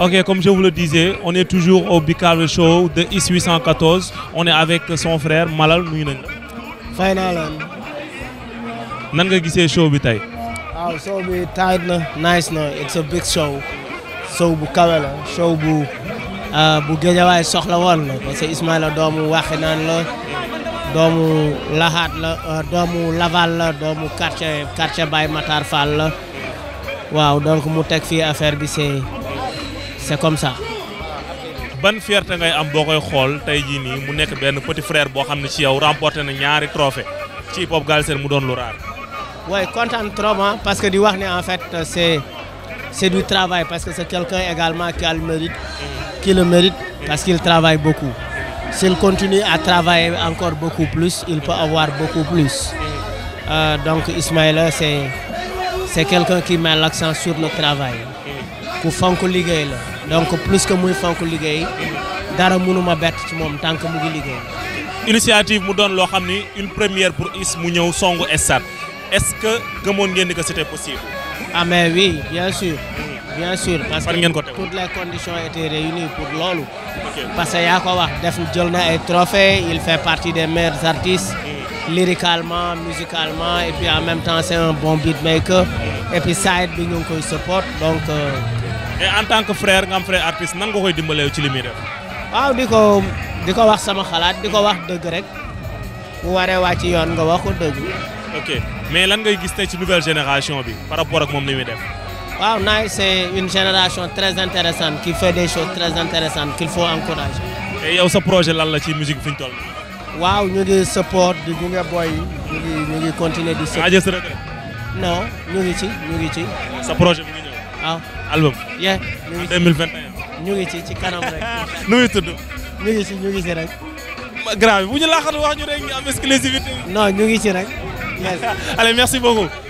Ok, comme je vous le disais, on est toujours au big Show de IS814. On est avec son frère Malal Mouinen. Final. naa leen. nan nga show bi tey. waaw show bi tight na nice na it's a big show show bu kawe la show bu ah, bu way soxla won la parce que Ismaïla doomu nan la doomu lahat la ah, doomu Laval la doomu quartier quartier Baye Matar Fall la waaw donc mu tek fi affaire bi c'est c'est comme ça. Bonne fierté ngay am boo xol mu petit frère qui xam ci yow remporté na ñaari trophée ci pop Galser mu doon lu content Ouais, trop hein, parce que di wax en fait c'est c'est du travail parce que c'est quelqu'un également qui mm. le mérite. parce qu'il travaille beaucoup. Mm. S'il continue à travailler encore beaucoup plus, il peut avoir beaucoup plus. Mm. Euh, donc Ismaël, c'est quelqu'un qui met l'accent sur le travail ku fonk donc plus que moi Fanko liguey dara mënuma ci mom tant que mu initiative mu donne une première pour Is mu ñëw songu est-ce que vous ngeen dit que c'était possible. ah mais oui bien sûr. bien sûr parce que toutes les conditions étaient réunies pour lolu parce que yaa ko wax il fait partie des meilleurs artistes. Mm. lyricalement musicalement et puis en même temps c'est un bon beatmaker. Mm. et puis ça bi ñu koy support donc. Euh, et eh, en tant que frère nga am frère artiste nan nga koy dimbalee ci li muy def. waaw di ko di ko wax sama xalaat di ko wax dëgg rek bu waree waa ci yoon nga wax ko dëgg. ok mais lan ngay gis tey ci nouvelle génération bi par rapport ak moom li muy def. waaw naay c'est une génération très intéressante qui fait des choses très intéressantes qu'il faut encourager. et yow sa projet lan la ci musique bi toll. waaw ñu ngi support di gunge boy yi ñu ngi ñu ngi continuer di. support non ñu ngi ci ñu ngi ci. sa projet bi waaw ah. album. yeah ñu ngi ci 2021. ñu ngi ci ci kanam rek. nu muy tudd. ñu ngi ci ñu ngi ci rek. grave bu ñu laaxatu wax ñu rek ñu am exclusivité. non ñu ngi ci rek. allez merci beaucoup.